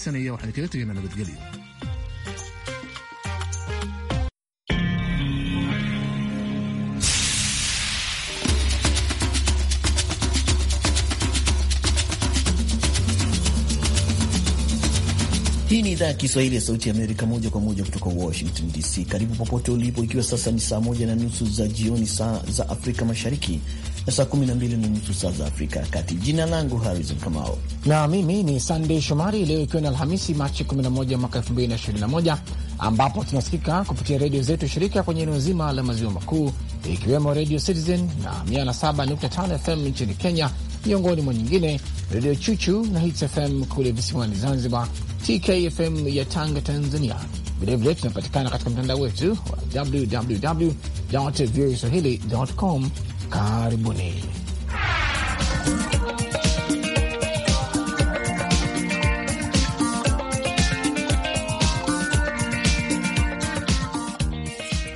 Sanayaa وحنا kaga تجينا nabadgelyo. Hii ni idhaa ya Kiswahili ya Sauti ya Amerika, moja kwa moja kutoka Washington DC. Karibu popote ulipo, ikiwa sasa ni saa moja na nusu za jioni, saa za Afrika Mashariki, na saa kumi na nusu saa za Afrika ya Kati. Jina langu Harrison Kamao na mimi ni Sandey Shomari. Leo ikiwa ni Alhamisi, Machi 11 mwaka 2021, ambapo tunasikika kupitia redio zetu shirika kwenye eneo zima la maziwa makuu, ikiwemo redio Citizen na 107.5 FM nchini Kenya, miongoni mwa nyingine, Redio Chuchu na Hits FM kule visiwani Zanzibar, TKFM ya Tanga, Tanzania. Vilevile tunapatikana katika mtandao wetu wa www voa swahili com Karibuni.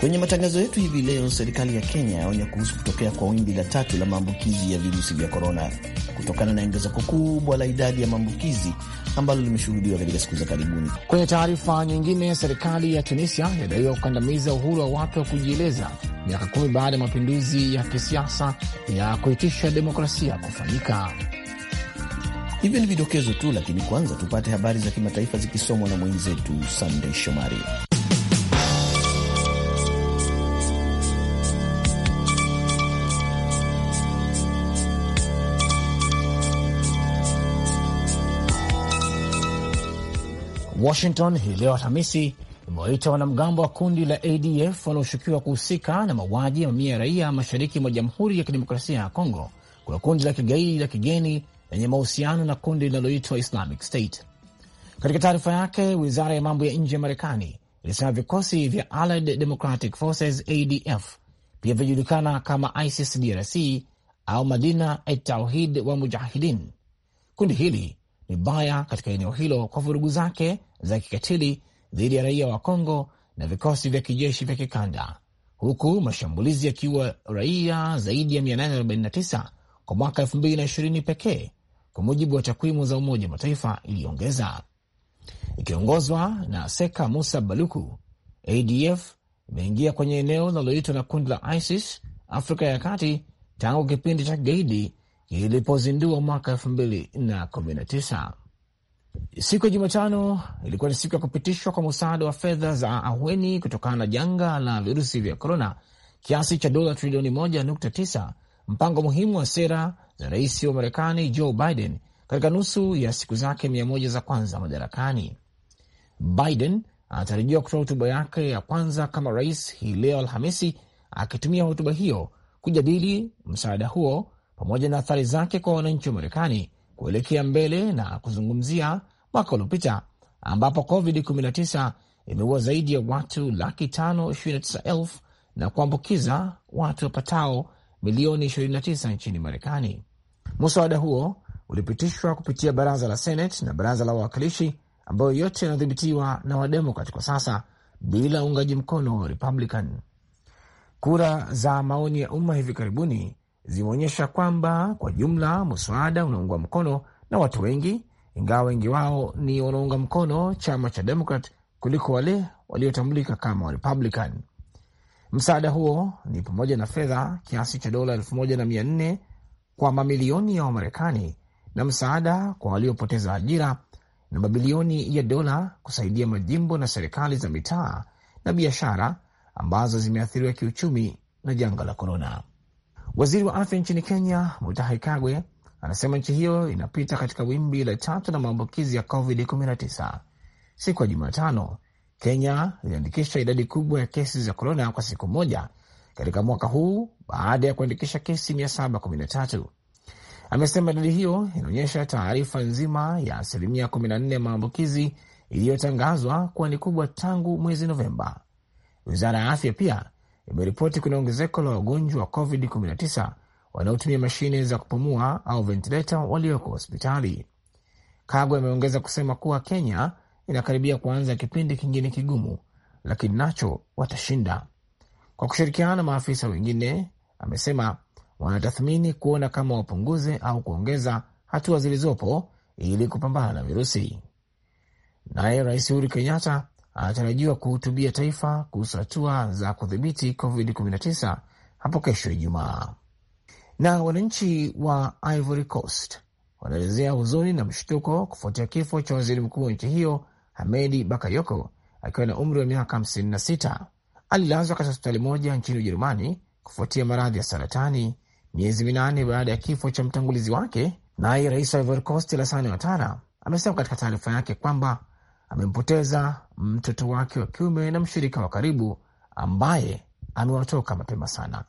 Kwenye matangazo yetu hivi leo, serikali ya Kenya yaonya kuhusu kutokea kwa wimbi la tatu la maambukizi ya virusi vya korona kutokana na ongezeko kubwa la idadi ya maambukizi ambalo limeshuhudiwa katika siku za karibuni. Kwenye taarifa nyingine, serikali ya Tunisia inadaiwa kukandamiza uhuru wa watu wa kujieleza miaka kumi baada ya mapinduzi ya kisiasa ya kuitisha demokrasia kufanyika. Hivyo ni vidokezo tu, lakini kwanza tupate habari za kimataifa zikisomwa na mwenzetu Sandey Shomari. Washington hii leo Alhamisi umewaita wanamgambo wa kundi la ADF wanaoshukiwa kuhusika na mauaji ya mamia ya raia mashariki mwa Jamhuri ya Kidemokrasia ya Kongo kuna kundi la kigaidi la kigeni lenye mahusiano na kundi linaloitwa Islamic State. Katika taarifa yake, wizara ya mambo ya nje ya Marekani ilisema vikosi vya Allied Democratic Forces ADF pia vinajulikana kama ISIS DRC au Madina Atauhid wa Mujahidin. Kundi hili ni baya katika eneo hilo kwa vurugu zake za kikatili dhidi ya raia wa Kongo na vikosi vya kijeshi vya kikanda, huku mashambulizi yakiwa raia zaidi ya 849 kwa mwaka 2020 pekee, kwa mujibu wa takwimu za Umoja Mataifa, iliongeza. Ikiongozwa na Seka Musa Baluku, ADF imeingia kwenye eneo linaloitwa na kundi la ISIS Afrika ya Kati tangu kipindi cha kigaidi kilipozindua mwaka 219 Siku ya Jumatano ilikuwa ni siku ya kupitishwa kwa msaada wa fedha za aweni kutokana na janga la virusi vya korona, kiasi cha dola trilioni 1.9, mpango muhimu wa sera za rais wa Marekani Joe Biden katika nusu ya siku zake mia moja za kwanza madarakani. Biden anatarajiwa kutoa hotuba yake ya kwanza kama rais hii leo Alhamisi, akitumia hotuba hiyo kujadili msaada huo pamoja na athari zake kwa wananchi wa Marekani kuelekea mbele na kuzungumzia mwaka uliopita ambapo COVID-19 imeua zaidi ya watu laki tano ishirini na tisa elfu na kuambukiza watu wapatao milioni 29 nchini Marekani. Muswada huo ulipitishwa kupitia baraza la Senate na baraza la wawakilishi, ambayo yote yanadhibitiwa na Wademokrat kwa sasa bila uungaji mkono wa Republican. Kura za maoni ya umma hivi karibuni zimeonyesha kwamba kwa jumla mswada unaungwa mkono na watu wengi, ingawa wengi wao ni wanaunga mkono chama cha Demokrat kuliko wale waliotambulika kama Republican. Msaada huo ni pamoja na fedha kiasi cha dola elfu moja na mia nne kwa mamilioni ya Wamarekani na msaada kwa waliopoteza ajira na mabilioni ya dola kusaidia majimbo na serikali za mitaa na biashara ambazo zimeathiriwa kiuchumi na janga la korona. Waziri wa afya nchini Kenya, Mutahi Kagwe, anasema nchi hiyo inapita katika wimbi la tatu la maambukizi ya COVID-19. Siku ya Jumatano, Kenya iliandikisha idadi kubwa ya kesi za korona kwa siku moja katika mwaka huu baada ya kuandikisha kesi 713. Amesema idadi hiyo inaonyesha taarifa nzima ya asilimia 14 ya maambukizi iliyotangazwa kuwa ni kubwa tangu mwezi Novemba. Wizara ya afya pia imeripoti kuna ongezeko la wagonjwa wa COVID-19 wanaotumia mashine za kupumua au ventileta walioko hospitali. Kagwe ameongeza kusema kuwa Kenya inakaribia kuanza kipindi kingine kigumu, lakini nacho watashinda kwa kushirikiana na maafisa wengine. Amesema wanatathmini kuona kama wapunguze au kuongeza hatua zilizopo ili kupambana na virusi. Naye Rais Uhuru Kenyatta anatarajiwa kuhutubia taifa kuhusu hatua za kudhibiti COVID-19 hapo kesho Ijumaa. Na wananchi wa Ivory Coast wanaelezea huzuni na mshtuko kufuatia kifo cha waziri mkuu wa nchi hiyo Hamedi Bakayoko akiwa na umri wa miaka 56. Alilazwa katika hospitali moja nchini Ujerumani kufuatia maradhi ya saratani miezi minane baada ya kifo cha mtangulizi wake. Naye rais wa Ivory Coast Alassane Ouattara amesema katika taarifa yake kwamba amempoteza mtoto wake wa kiume na mshirika wa karibu ambaye amewatoka mapema sana.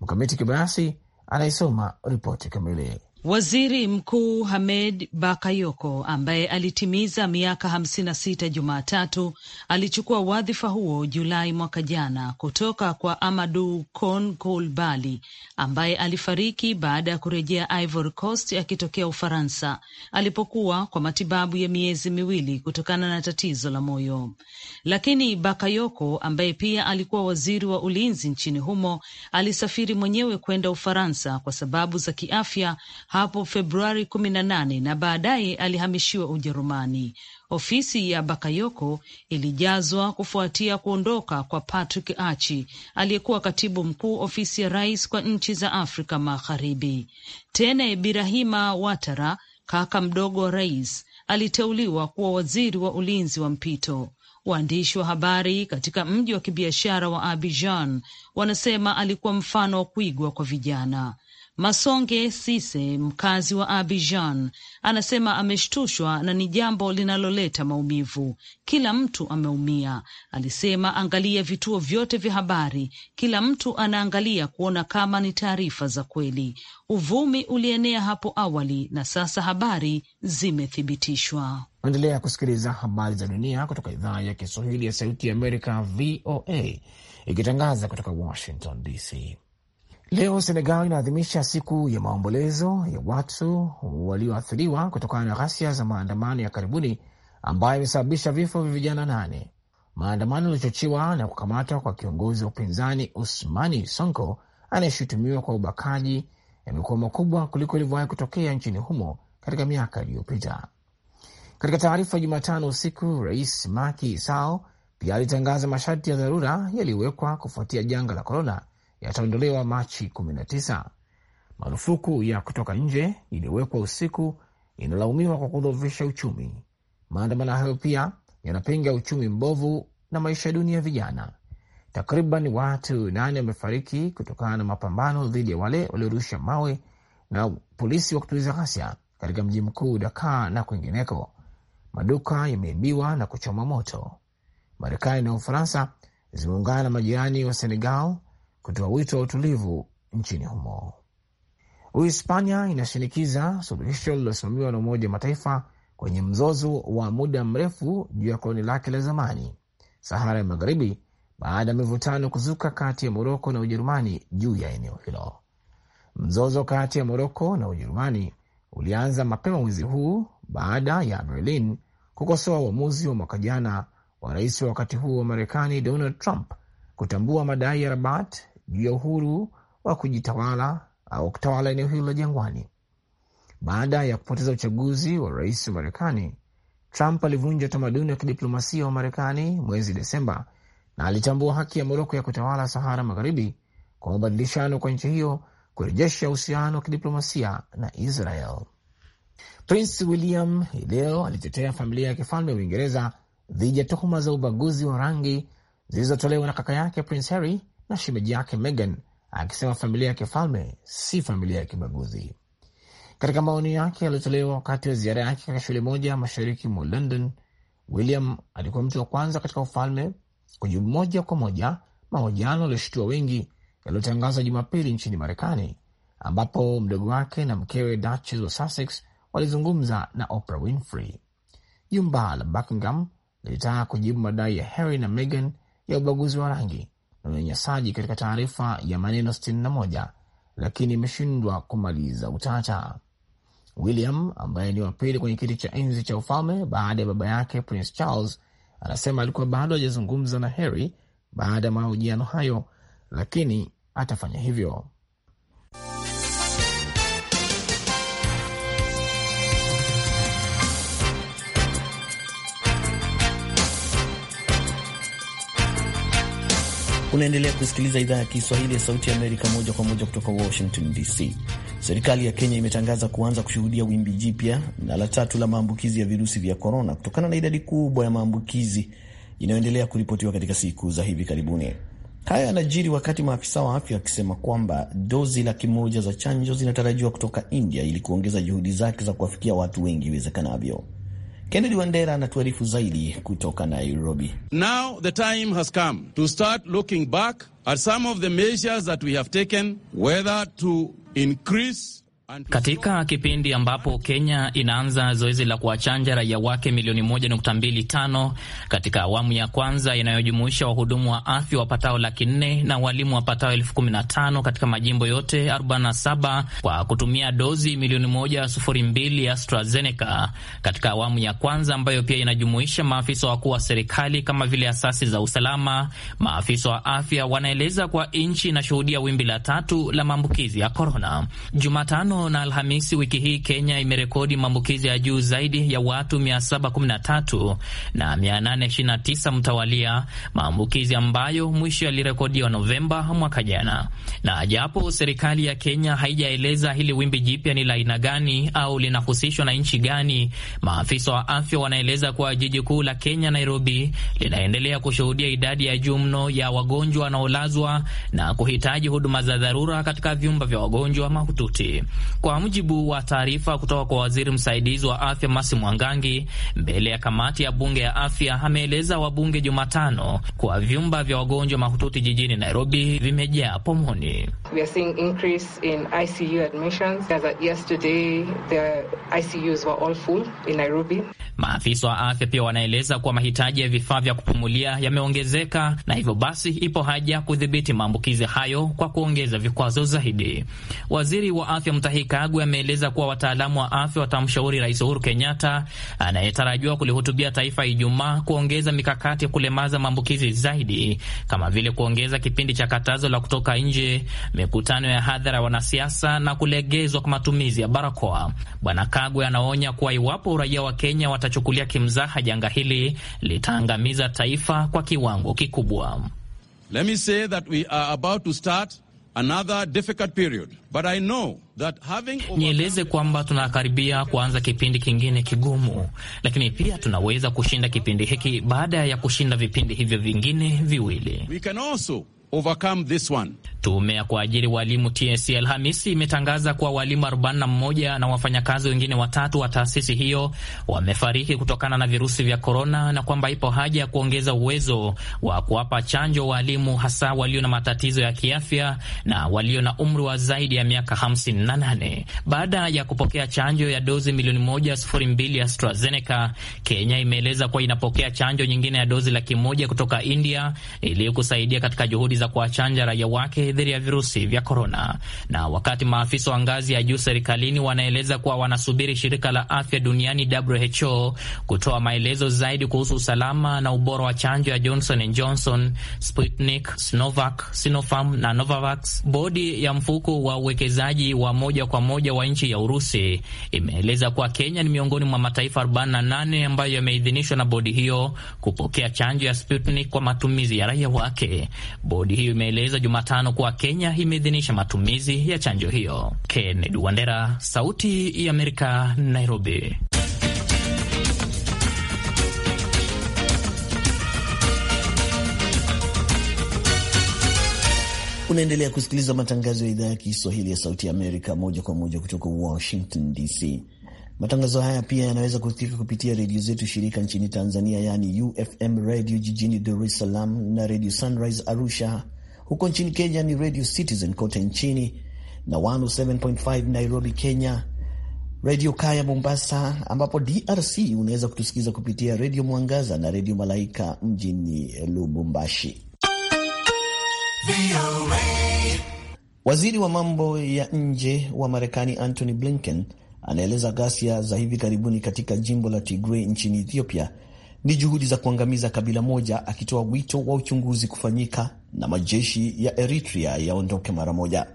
Mkamiti Kibayasi anayesoma ripoti kamili. Waziri Mkuu Hamed Bakayoko ambaye alitimiza miaka hamsini na sita Jumatatu alichukua wadhifa huo Julai mwaka jana kutoka kwa Amadu Kon kolbali ambaye alifariki baada ya kurejea Ivory Coast akitokea Ufaransa alipokuwa kwa matibabu ya miezi miwili kutokana na tatizo la moyo. Lakini Bakayoko ambaye pia alikuwa waziri wa ulinzi nchini humo alisafiri mwenyewe kwenda Ufaransa kwa sababu za kiafya hapo Februari 18 na baadaye alihamishiwa Ujerumani. Ofisi ya Bakayoko ilijazwa kufuatia kuondoka kwa Patrick Achi, aliyekuwa katibu mkuu ofisi ya rais kwa nchi za Afrika Magharibi. Tene Birahima Watara, kaka mdogo wa rais, aliteuliwa kuwa waziri wa ulinzi wa mpito. Waandishi wa habari katika mji wa kibiashara wa Abidjan wanasema alikuwa mfano wa kuigwa kwa vijana. Masonge Sise, mkazi wa Abidjan, anasema ameshtushwa na ni jambo linaloleta maumivu. Kila mtu ameumia, alisema. Angalia vituo vyote vya habari, kila mtu anaangalia kuona kama ni taarifa za kweli. Uvumi ulienea hapo awali na sasa habari zimethibitishwa. Endelea kusikiliza habari za dunia kutoka idhaa ya Kiswahili ya Sauti ya Amerika, VOA, ikitangaza kutoka Washington DC. Leo Senegal inaadhimisha siku ya maombolezo ya watu walioathiriwa kutokana na ghasia za maandamano ya karibuni ambayo imesababisha vifo vya vijana nane. Maandamano yaliochochiwa na kukamatwa kwa kiongozi wa upinzani Usmani Sonko anayeshutumiwa kwa ubakaji yamekuwa makubwa kuliko ilivyowahi kutokea nchini humo katika miaka iliyopita. Katika taarifa ya Jumatano usiku, Rais Macky Sall pia alitangaza masharti ya dharura yaliyowekwa kufuatia janga la korona yataondolewa Machi 19. Marufuku ya kutoka nje iliyowekwa usiku inalaumiwa kwa kudhoofisha uchumi. Maandamano hayo pia yanapinga uchumi mbovu na maisha duni ya vijana. Takriban watu nane wamefariki kutokana na mapambano dhidi ya wale waliorusha mawe na polisi wa kutuliza ghasia katika mji mkuu Dakar na kwingineko. Maduka yameibiwa na kuchoma moto. Marekani na Ufaransa zimeungana na majirani wa Senegal kutoa wito wa utulivu nchini humo. Uhispania inashinikiza suluhisho lililosimamiwa na Umoja wa Mataifa kwenye mzozo wa muda mrefu juu ya koloni lake la zamani Sahara ya Magharibi baada ya mivutano kuzuka kati ya Moroko na Ujerumani juu ya eneo hilo. Mzozo kati ya Moroko na Ujerumani ulianza mapema mwezi huu baada ya Berlin kukosoa uamuzi wa mwaka jana wa rais wa wakati huo wa Marekani Donald Trump kutambua madai ya Rabat juu ya uhuru wa kujitawala au kutawala eneo hilo la jangwani. Baada ya kupoteza uchaguzi wa rais wa Marekani, Trump alivunja utamaduni wa kidiplomasia wa Marekani mwezi Desemba na alitambua haki ya Moroko ya kutawala Sahara Magharibi kwa mabadilishano kwa nchi hiyo kurejesha uhusiano wa kidiplomasia na Israel. Prince William hii leo alitetea familia ya kifalme ya Uingereza dhidi ya tuhuma za ubaguzi wa rangi zilizotolewa na kaka yake Prince Harry na shemeji yake Megan, akisema familia ya kifalme si familia ya kibaguzi. Katika maoni yake yaliyotolewa wakati wa ziara yake katika shule moja mashariki mwa London, William alikuwa mtu wa kwanza katika ufalme kujibu moja kwa moja mahojiano yaliyoshtua wengi yaliyotangazwa Jumapili nchini Marekani, ambapo mdogo wake na mkewe Duchess wa Sussex walizungumza na Oprah Winfrey. Jumba la Buckingham lilitaka kujibu madai ya Harry na Meghan ya ubaguzi wa rangi na unyanyasaji katika taarifa ya maneno 61 lakini imeshindwa kumaliza utata. William ambaye ni wa pili kwenye kiti cha enzi cha ufalme baada ya baba yake Prince Charles anasema alikuwa bado hajazungumza na Harry baada ya mahojiano hayo, lakini atafanya hivyo. Unaendelea kusikiliza idhaa ya Kiswahili ya Sauti ya Amerika moja kwa moja kutoka Washington DC. Serikali ya Kenya imetangaza kuanza kushuhudia wimbi jipya na la tatu la maambukizi ya virusi vya korona kutokana na idadi kubwa ya maambukizi inayoendelea kuripotiwa katika siku za hivi karibuni. Haya yanajiri wakati maafisa wa afya wakisema kwamba dozi laki moja za chanjo zinatarajiwa kutoka India ili kuongeza juhudi zake za kuwafikia watu wengi iwezekanavyo. Kennedy Wandera anatuarifu zaidi kutoka Nairobi. Now the time has come to start looking back at some of the measures that we have taken whether to increase katika kipindi ambapo Kenya inaanza zoezi la kuwachanja raia wake milioni 1.25 katika awamu ya kwanza inayojumuisha wahudumu wa afya wapatao laki nne na walimu wapatao elfu kumi na tano katika majimbo yote 47 kwa kutumia dozi milioni 1.02 AstraZeneca katika awamu ya kwanza ambayo pia inajumuisha maafisa wakuu wa serikali kama vile asasi za usalama. Maafisa wa afya wanaeleza kwa nchi inashuhudia wimbi la tatu la maambukizi ya korona Jumatano na Alhamisi wiki hii Kenya imerekodi maambukizi ya juu zaidi ya watu 713 na 829 mtawalia, maambukizi ambayo mwisho yalirekodiwa Novemba mwaka jana. Na japo serikali ya Kenya haijaeleza hili wimbi jipya ni la aina gani au linahusishwa na nchi gani, maafisa wa afya wanaeleza kuwa jiji kuu la Kenya, Nairobi, linaendelea kushuhudia idadi ya juu mno ya wagonjwa wanaolazwa na kuhitaji huduma za dharura katika vyumba vya wagonjwa mahututi. Kwa mujibu wa taarifa kutoka kwa waziri msaidizi wa afya Masi Mwangangi mbele ya kamati ya bunge ya afya, ameeleza wabunge Jumatano kuwa vyumba vya wagonjwa mahututi jijini Nairobi vimejaa pomoni. Maafisa wa afya pia wanaeleza kuwa mahitaji ya vifaa vya kupumulia yameongezeka na hivyo basi ipo haja kudhibiti maambukizi hayo kwa kuongeza vikwazo zaidi. Waziri wa afya Mutahi Mutahi Kagwe ameeleza kuwa wataalamu wa afya watamshauri Rais Uhuru Kenyatta anayetarajiwa kulihutubia taifa Ijumaa kuongeza mikakati ya kulemaza maambukizi zaidi, kama vile kuongeza kipindi cha katazo la kutoka nje, mikutano ya hadhara ya wanasiasa na kulegezwa kwa matumizi ya barakoa. Bwana Kagwe anaonya kuwa iwapo raia wa Kenya watachukulia kimzaha janga hili litaangamiza taifa kwa kiwango kikubwa. Let me say that we are about to start Nieleze kwamba tunakaribia kuanza kipindi kingine kigumu, lakini pia tunaweza kushinda kipindi hiki baada ya kushinda vipindi hivyo vingine viwili. We can also overcome this one. Tume ya kuajiri walimu TSC Alhamisi imetangaza kuwa walimu 41 na wafanyakazi wengine watatu wa taasisi hiyo wamefariki kutokana na virusi vya korona, na kwamba ipo haja ya kuongeza uwezo wa kuwapa chanjo walimu, hasa walio na matatizo ya kiafya na walio na umri wa zaidi ya miaka 58. Baada ya kupokea chanjo ya dozi milioni 1.02 ya AstraZeneca, Kenya imeeleza kuwa inapokea chanjo nyingine ya dozi laki moja kutoka India ili kusaidia katika juhudi za kuwachanja raia wake dhidi ya virusi vya korona. Na wakati maafisa wa ngazi ya juu serikalini wanaeleza kuwa wanasubiri shirika la afya duniani WHO kutoa maelezo zaidi kuhusu usalama na ubora wa chanjo ya Johnson and Johnson, Sputnik, Sinovac, Sinopharm na Novavax, bodi ya mfuko wa uwekezaji wa moja kwa moja wa nchi ya Urusi imeeleza kuwa Kenya ni miongoni mwa mataifa 48 ambayo yameidhinishwa na bodi hiyo kupokea chanjo ya Sputnik kwa matumizi ya raia wake. Bodi Bodi hiyo imeeleza Jumatano kuwa Kenya imeidhinisha matumizi ya chanjo hiyo. Kennedy Wandera, Sauti ya Amerika, Nairobi. Unaendelea kusikiliza matangazo ya idhaa ya Kiswahili ya Sauti ya Amerika moja kwa moja kutoka Washington DC. Matangazo haya pia yanaweza kusikika kupitia redio zetu shirika nchini Tanzania, yaani UFM redio jijini Dar es Salaam na redio Sunrise Arusha. Huko nchini Kenya ni radio Citizen kote nchini na 107.5 Nairobi, Kenya, redio Kaya Mombasa, ambapo DRC unaweza kutusikiza kupitia redio Mwangaza na redio Malaika mjini Lubumbashi. Waziri wa mambo ya nje wa Marekani Antony Blinken anaeleza ghasia za hivi karibuni katika jimbo la Tigray nchini Ethiopia ni juhudi za kuangamiza kabila moja, akitoa wito wa uchunguzi kufanyika na majeshi ya Eritrea yaondoke mara moja.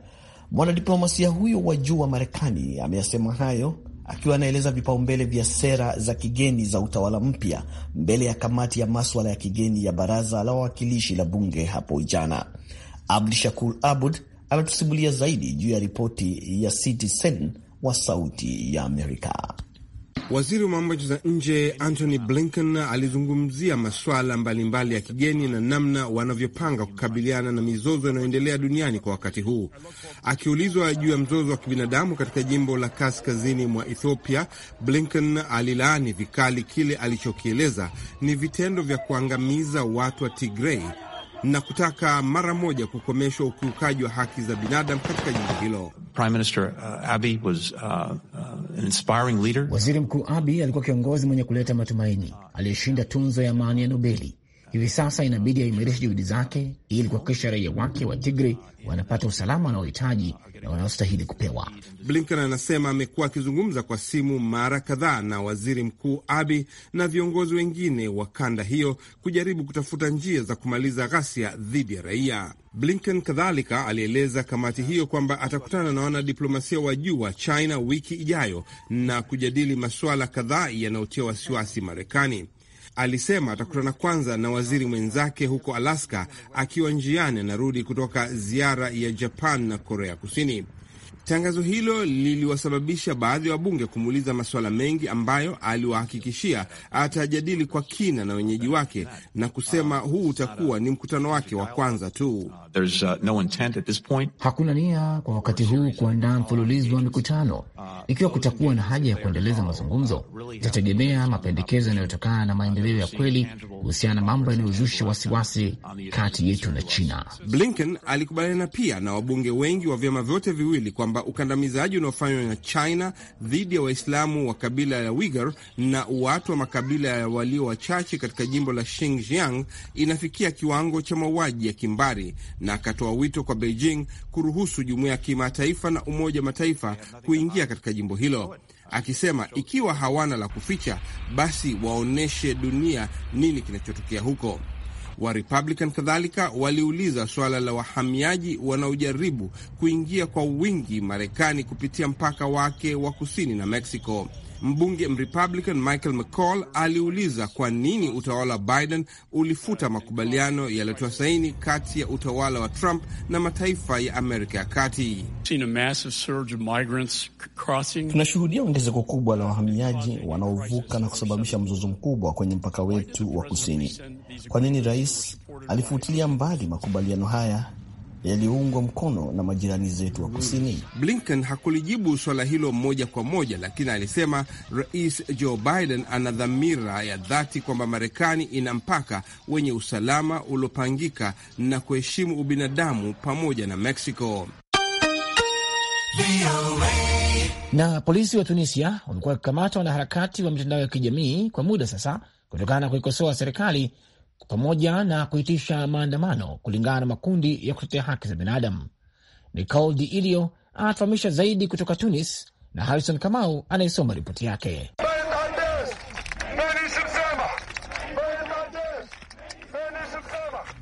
Mwanadiplomasia huyo wa juu wa Marekani ameyasema hayo akiwa anaeleza vipaumbele vya sera za kigeni za utawala mpya mbele ya kamati ya maswala ya kigeni ya baraza la wawakilishi la bunge hapo jana. Abdu Abud anatusimulia zaidi juu ya ripoti ya Citizen wa Sauti ya Amerika. Waziri wa mambo za nje Antony Blinken alizungumzia masuala mbalimbali ya kigeni na namna wanavyopanga kukabiliana na mizozo inayoendelea duniani kwa wakati huu. Akiulizwa juu ya mzozo wa kibinadamu katika jimbo la kaskazini mwa Ethiopia, Blinken alilaani vikali kile alichokieleza ni vitendo vya kuangamiza watu wa Tigrei na kutaka mara moja kukomeshwa ukiukaji wa haki za binadamu katika jimbo hilo. Prime Minister, uh, Abiy was, uh, uh, an inspiring leader. Waziri Mkuu Abiy alikuwa kiongozi mwenye kuleta matumaini aliyeshinda tunzo ya amani ya Nobeli. Hivi sasa inabidi aimarishe juhudi zake ili kuhakikisha raia wake wa Tigray wanapata usalama wanaohitaji na wanaostahili kupewa. Blinken anasema amekuwa akizungumza kwa simu mara kadhaa na waziri mkuu Abi na viongozi wengine wa kanda hiyo kujaribu kutafuta njia za kumaliza ghasia dhidi ya raia. Blinken kadhalika alieleza kamati hiyo kwamba atakutana na wanadiplomasia wa juu wa China wiki ijayo na kujadili masuala kadhaa yanayotia wasiwasi Marekani. Alisema atakutana kwanza na waziri mwenzake huko Alaska akiwa njiani anarudi kutoka ziara ya Japan na Korea Kusini. Tangazo hilo liliwasababisha baadhi ya wabunge kumuuliza masuala mengi ambayo aliwahakikishia atajadili kwa kina na wenyeji wake na kusema huu utakuwa ni mkutano wake wa kwanza tu. Uh, Hakuna nia kwa wakati huu kuandaa mfululizo wa mikutano. Ikiwa kutakuwa na haja ya kuendeleza mazungumzo, itategemea mapendekezo yanayotokana na maendeleo ya kweli kuhusiana na mambo yanayozusha wasiwasi kati yetu na China. Blinken alikubaliana pia na wabunge wengi wa vyama vyote viwili kwamba kwamba ukandamizaji unaofanywa na China dhidi ya Waislamu wa kabila la Uighur na watu wa makabila ya walio wachache katika jimbo la Xinjiang inafikia kiwango cha mauaji ya kimbari, na akatoa wito kwa Beijing kuruhusu jumuiya ya kimataifa na Umoja wa Mataifa kuingia katika jimbo hilo, akisema ikiwa hawana la kuficha, basi waonyeshe dunia nini kinachotokea huko. Wa Republican kadhalika waliuliza suala la wahamiaji wanaojaribu kuingia kwa wingi Marekani kupitia mpaka wake wa kusini na Mexico. Mbunge Mrepublican Michael McCall aliuliza kwa nini utawala wa Biden ulifuta makubaliano yaliyotoa saini kati ya utawala wa Trump na mataifa ya Amerika ya Kati. Tunashuhudia ongezeko kubwa la wahamiaji wanaovuka na kusababisha mzozo mkubwa kwenye mpaka wetu wa kusini. Kwa nini rais alifutilia mbali makubaliano haya yaliyoungwa mkono na majirani zetu wa kusini. Blinken hakulijibu suala hilo moja kwa moja, lakini alisema Rais Joe Biden ana dhamira ya dhati kwamba Marekani ina mpaka wenye usalama uliopangika na kuheshimu ubinadamu pamoja na Mexico. Na polisi wa Tunisia wamekuwa wakikamata wanaharakati wa mitandao ya kijamii kwa muda sasa kutokana na kuikosoa serikali pamoja na kuitisha maandamano kulingana na makundi ya kutetea haki za binadamu. Nicole Di Ilio anatufahamisha zaidi kutoka Tunis na Harrison Kamau anayesoma ripoti yake.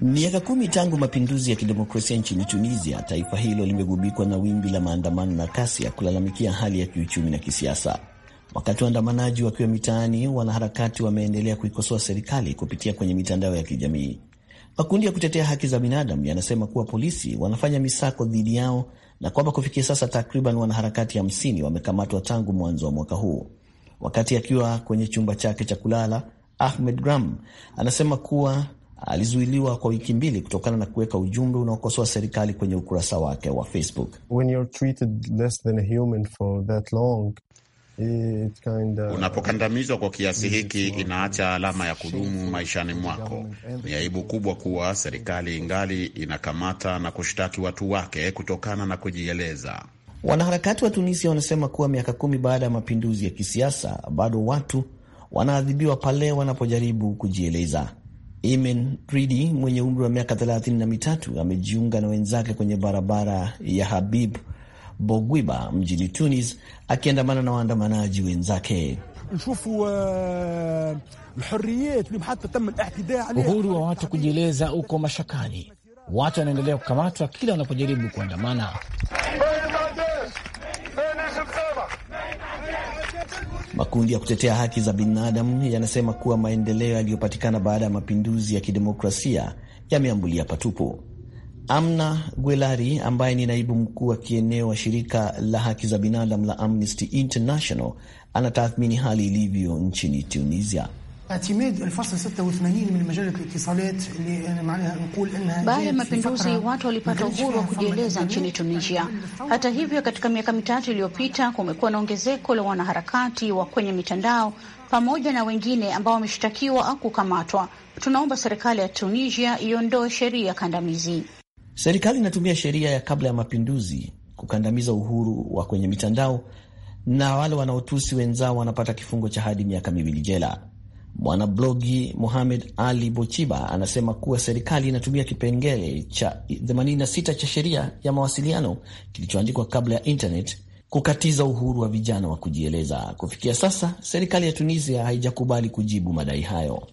Miaka kumi tangu mapinduzi ya kidemokrasia nchini Tunisia, taifa hilo limegubikwa na wimbi la maandamano na kasi ya kulalamikia hali ya kiuchumi na kisiasa. Wakati waandamanaji wakiwa mitaani, wanaharakati wameendelea kuikosoa serikali kupitia kwenye mitandao ya kijamii. Makundi ya kutetea haki za binadamu yanasema kuwa polisi wanafanya misako dhidi yao na kwamba kufikia sasa takriban wanaharakati 50 wamekamatwa tangu mwanzo wa mwaka huu. Wakati akiwa kwenye chumba chake cha kulala, Ahmed Gram anasema kuwa alizuiliwa kwa wiki mbili kutokana na kuweka ujumbe unaokosoa serikali kwenye ukurasa wake wa Facebook. When you're treated less than a human for that long, Unapokandamizwa kwa kiasi hiki, inaacha alama ya kudumu maishani mwako. Ni aibu kubwa kuwa serikali ingali inakamata na kushtaki watu wake kutokana na kujieleza. Wanaharakati wa Tunisia wanasema kuwa miaka kumi baada ya mapinduzi ya kisiasa bado watu wanaadhibiwa pale wanapojaribu kujieleza. Imen Pridi mwenye umri wa miaka thelathini na mitatu amejiunga na wenzake kwenye barabara ya Habib Bogwiba mjini Tunis akiandamana na waandamanaji wenzake. Uh, Uhuru wa watu kujieleza uko mashakani. Watu wanaendelea kukamatwa kila wanapojaribu kuandamana. Makundi ya kutetea haki za binadamu yanasema kuwa maendeleo yaliyopatikana baada ya mapinduzi ya kidemokrasia yameambulia patupu. Amna gwelari ambaye ni naibu mkuu wa kieneo wa shirika la haki za binadamu la Amnesty International anatathmini hali ilivyo nchini Tunisia. Baada ya mapinduzi watu walipata uhuru wa kujieleza nchini Tunisia. Hata hivyo, katika miaka mitatu iliyopita kumekuwa na ongezeko la wanaharakati wa kwenye mitandao pamoja na wengine ambao wameshtakiwa au kukamatwa. Tunaomba serikali ya Tunisia iondoe sheria kandamizi. Serikali inatumia sheria ya kabla ya mapinduzi kukandamiza uhuru wa kwenye mitandao na wale wanaotusi wenzao wanapata kifungo cha hadi miaka miwili jela. Mwanablogi Mohamed Ali Bochiba anasema kuwa serikali inatumia kipengele cha 86 cha sheria ya mawasiliano kilichoandikwa kabla ya internet kukatiza uhuru wa vijana wa kujieleza. Kufikia sasa serikali ya Tunisia haijakubali kujibu madai hayo.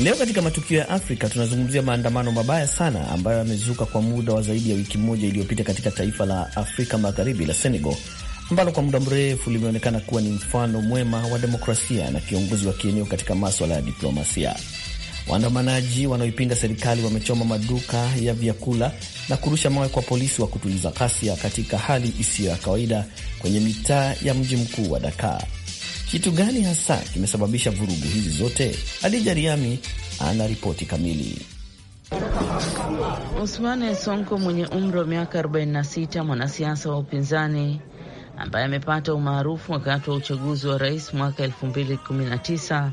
Leo katika matukio ya Afrika tunazungumzia maandamano mabaya sana ambayo yamezuka kwa muda wa zaidi ya wiki moja iliyopita katika taifa la Afrika Magharibi la Senegal ambalo kwa muda mrefu limeonekana kuwa ni mfano mwema wa demokrasia na kiongozi wa kieneo katika maswala ya diplomasia. Waandamanaji wanaoipinga serikali wamechoma maduka ya vyakula na kurusha mawe kwa polisi wa kutuliza ghasia katika hali isiyo ya kawaida kwenye mitaa ya mji mkuu wa Dakar. Kitu gani hasa kimesababisha vurugu hizi zote? Adija Riami ana ripoti kamili. Usmane Sonko mwenye umri wa miaka 46, mwanasiasa wa upinzani ambaye amepata umaarufu wakati wa uchaguzi wa rais mwaka 2019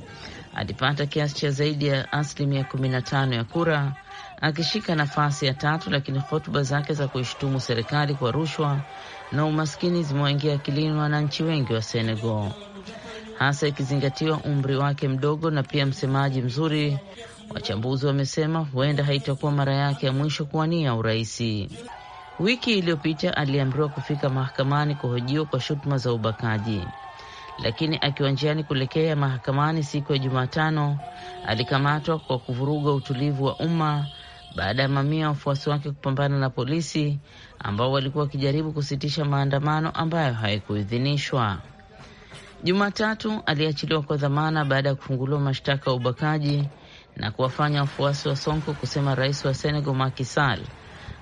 alipata kiasi cha zaidi ya asilimia 15 ya kura akishika nafasi ya tatu, lakini hotuba zake za kuishutumu serikali kwa rushwa na umaskini zimewaingia akilini wananchi wengi wa Senegal hasa ikizingatiwa umri wake mdogo na pia msemaji mzuri. Wachambuzi wamesema huenda haitakuwa mara yake ya mwisho kuwania uraisi. Wiki iliyopita aliamriwa kufika mahakamani kuhojiwa kwa shutuma za ubakaji, lakini akiwa njiani kuelekea mahakamani siku ya Jumatano alikamatwa kwa kuvuruga utulivu wa umma baada ya mamia ya wafuasi wake kupambana na polisi ambao walikuwa wakijaribu kusitisha maandamano ambayo hayakuidhinishwa. Jumatatu aliachiliwa kwa dhamana baada ya kufunguliwa mashtaka ya ubakaji na kuwafanya wafuasi wa Sonko kusema rais wa Senegal Macky Sall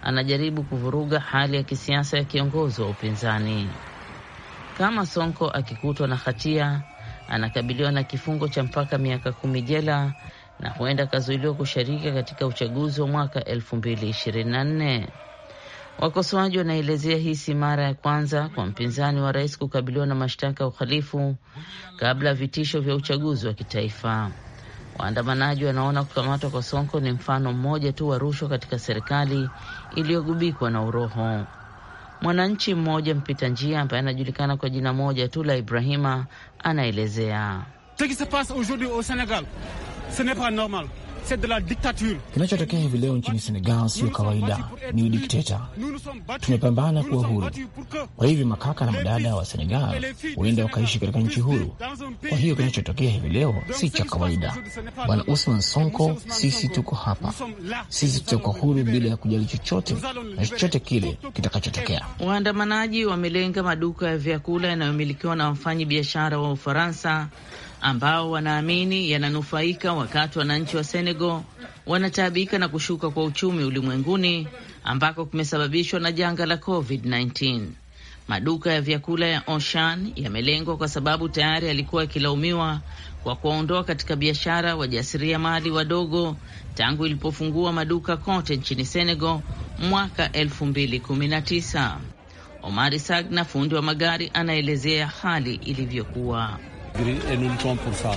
anajaribu kuvuruga hali ya kisiasa ya kiongozi wa upinzani. Kama Sonko akikutwa na hatia, anakabiliwa na kifungo cha mpaka miaka kumi jela na huenda akazuiliwa kushiriki katika uchaguzi wa mwaka 2024. Wakosoaji wanaelezea hii si mara ya kwanza kwa mpinzani wa rais kukabiliwa na mashtaka ya uhalifu kabla ya vitisho vya uchaguzi wa kitaifa. Waandamanaji wanaona kukamatwa kwa Sonko ni mfano mmoja tu wa rushwa katika serikali iliyogubikwa na uroho. Mwananchi mmoja mpita njia ambaye anajulikana kwa jina moja tu la Ibrahima anaelezea Kinachotokea hivi leo nchini Senegal siyo kawaida, ni udikteta. Tumepambana kuwa huru, kwa hivyo makaka na madada wa Senegal huenda wakaishi katika nchi huru. Kwa hiyo kinachotokea hivi leo si cha kawaida. Bwana Usman Sonko, sisi tuko hapa, sisi tutakuwa huru bila ya kujali chochote na chochote kile kitakachotokea. Waandamanaji wamelenga maduka ya vyakula yanayomilikiwa na wafanyi biashara wa Ufaransa ambao wanaamini yananufaika wakati wananchi wa Senegal wanataabika na kushuka kwa uchumi ulimwenguni ambako kumesababishwa na janga la COVID-19. Maduka ya vyakula ya oshan yamelengwa kwa sababu tayari yalikuwa yakilaumiwa kwa kuwaondoa katika biashara wajasiriamali wadogo tangu ilipofungua maduka kote nchini Senegal mwaka 2019. Omari Sagna, fundi wa magari, anaelezea hali ilivyokuwa et nous luttons pour ça.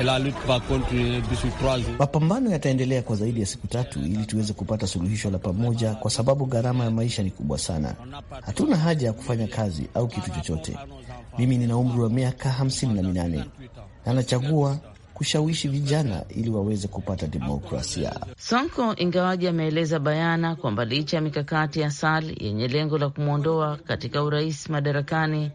Et la lutte va continuer trois jours. Mapambano yataendelea kwa zaidi ya siku tatu ili tuweze kupata suluhisho la pamoja, kwa sababu gharama ya maisha ni kubwa sana. Hatuna haja ya kufanya kazi au kitu chochote. Mimi nina umri wa miaka hamsini na minane na nachagua kushawishi vijana ili waweze kupata demokrasia. Sonko ingawaji ameeleza bayana kwamba licha ya mikakati ya SAL yenye lengo la kumwondoa katika urais madarakani,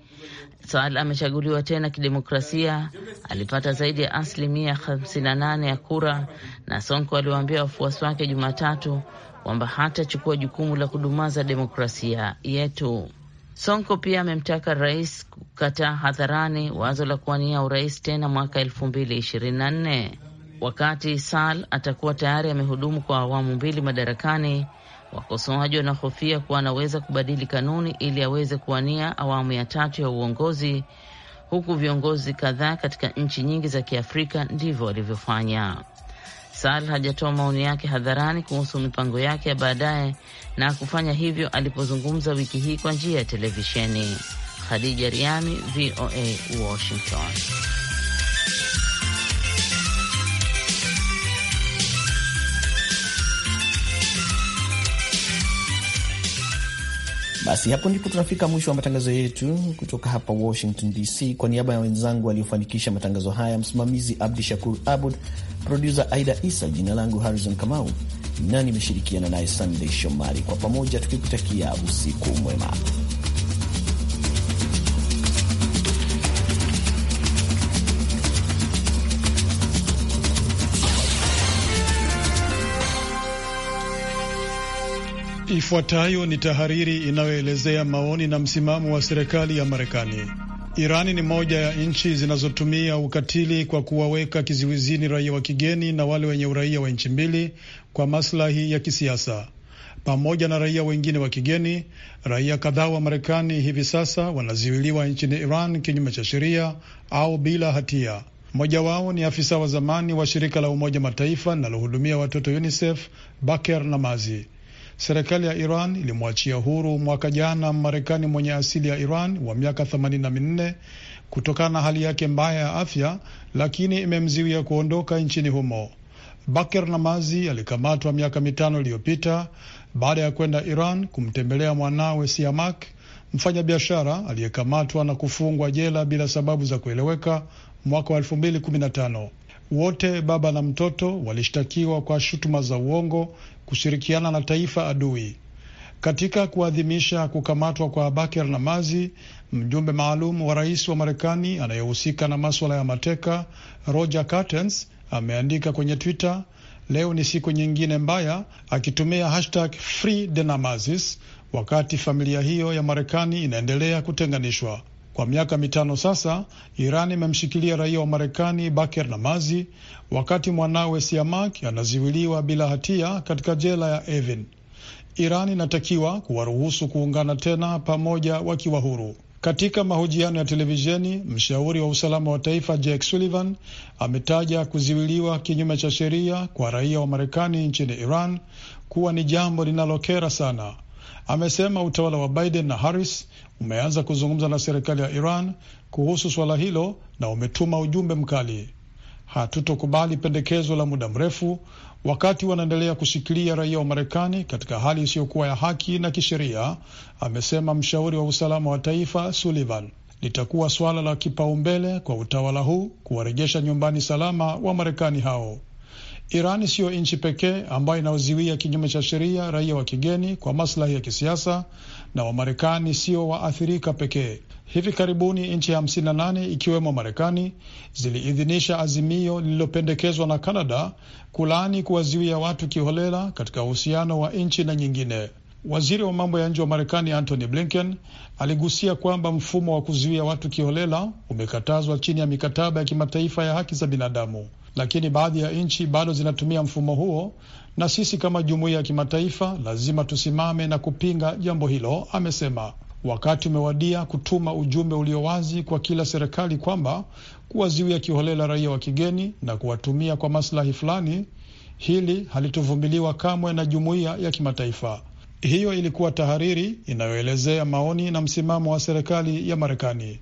Saad amechaguliwa tena kidemokrasia, alipata zaidi ya asilimia 58 ya kura, na Sonko aliwaambia wafuasi wake Jumatatu kwamba hatachukua jukumu la kudumaza demokrasia yetu. Sonko pia amemtaka rais kukataa hadharani wazo la kuwania urais tena mwaka 2024 wakati Sal atakuwa tayari amehudumu kwa awamu mbili madarakani. Wakosoaji wanahofia kuwa anaweza kubadili kanuni ili aweze kuwania awamu ya tatu ya uongozi, huku viongozi kadhaa katika nchi nyingi za Kiafrika ndivyo walivyofanya. Sal hajatoa maoni yake hadharani kuhusu mipango yake ya baadaye na kufanya hivyo alipozungumza wiki hii kwa njia ya televisheni. Khadija Riami, VOA, Washington. Basi hapo ndipo tunafika mwisho wa matangazo yetu kutoka hapa Washington DC. Kwa niaba ya wenzangu waliofanikisha matangazo haya, msimamizi Abdi Shakur Abud, produsa Aida Isa, jina langu Harrison Kamau na nimeshirikiana naye Sandey Shomari, kwa pamoja tukikutakia usiku mwema. Ifuatayo ni tahariri inayoelezea maoni na msimamo wa serikali ya Marekani. Irani ni moja ya nchi zinazotumia ukatili kwa kuwaweka kizuizini raia wa kigeni na wale wenye uraia wa nchi mbili kwa maslahi ya kisiasa. Pamoja na raia wengine wa kigeni, raia kadhaa wa Marekani hivi sasa wanazuiliwa nchini Iran kinyume cha sheria au bila hatia. Mmoja wao ni afisa wa zamani wa shirika la Umoja Mataifa linalohudumia watoto UNICEF, Baker Namazi. Serikali ya Iran ilimwachia huru mwaka jana Marekani mwenye asili ya Iran wa miaka 84 kutokana na hali yake mbaya ya afya, lakini imemziwia kuondoka nchini humo. Baker Namazi alikamatwa miaka mitano iliyopita baada ya kwenda Iran kumtembelea mwanawe Siamak, mfanyabiashara aliyekamatwa na kufungwa jela bila sababu za kueleweka mwaka wa 2015. Wote baba na mtoto walishtakiwa kwa shutuma za uongo, kushirikiana na taifa adui. Katika kuadhimisha kukamatwa kwa Bakir Namazi, mjumbe maalum wa rais wa Marekani anayehusika na maswala ya mateka Roger Cartens ameandika kwenye Twitter, leo ni siku nyingine mbaya, akitumia hashtag free the Namazis, wakati familia hiyo ya Marekani inaendelea kutenganishwa. Kwa miaka mitano sasa, Iran imemshikilia raia wa Marekani Baker Namazi wakati mwanawe Siamak anaziwiliwa bila hatia katika jela ya Evin. Iran inatakiwa kuwaruhusu kuungana tena pamoja wakiwa huru. Katika mahojiano ya televisheni, mshauri wa usalama wa taifa Jake Sullivan ametaja kuziwiliwa kinyume cha sheria kwa raia wa Marekani nchini Iran kuwa ni jambo linalokera sana. Amesema utawala wa Biden na Harris umeanza kuzungumza na serikali ya Iran kuhusu swala hilo na umetuma ujumbe mkali: hatutokubali pendekezo la muda mrefu, wakati wanaendelea kushikilia raia wa Marekani katika hali isiyokuwa ya haki na kisheria, amesema mshauri wa usalama wa taifa Sullivan. Litakuwa swala la kipaumbele kwa utawala huu kuwarejesha nyumbani salama wa Marekani hao. Irani siyo nchi pekee ambayo inaoziwia kinyume cha sheria raia wa kigeni kwa maslahi ya kisiasa, na Wamarekani sio waathirika pekee. Hivi karibuni nchi 58 ikiwemo Marekani ziliidhinisha azimio lililopendekezwa na Kanada kulaani kuwaziwia watu kiholela katika uhusiano wa nchi na nyingine. Waziri wa mambo ya nje wa Marekani Antony Blinken aligusia kwamba mfumo wa kuzuia watu kiholela umekatazwa chini ya mikataba ya kimataifa ya haki za binadamu lakini baadhi ya nchi bado zinatumia mfumo huo, na sisi kama jumuiya ya kimataifa lazima tusimame na kupinga jambo hilo, amesema. Wakati umewadia kutuma ujumbe ulio wazi kwa kila serikali kwamba kuwaziwia kiholela raia wa kigeni na kuwatumia kwa maslahi fulani, hili halituvumiliwa kamwe na jumuiya ya kimataifa. Hiyo ilikuwa tahariri inayoelezea maoni na msimamo wa serikali ya Marekani.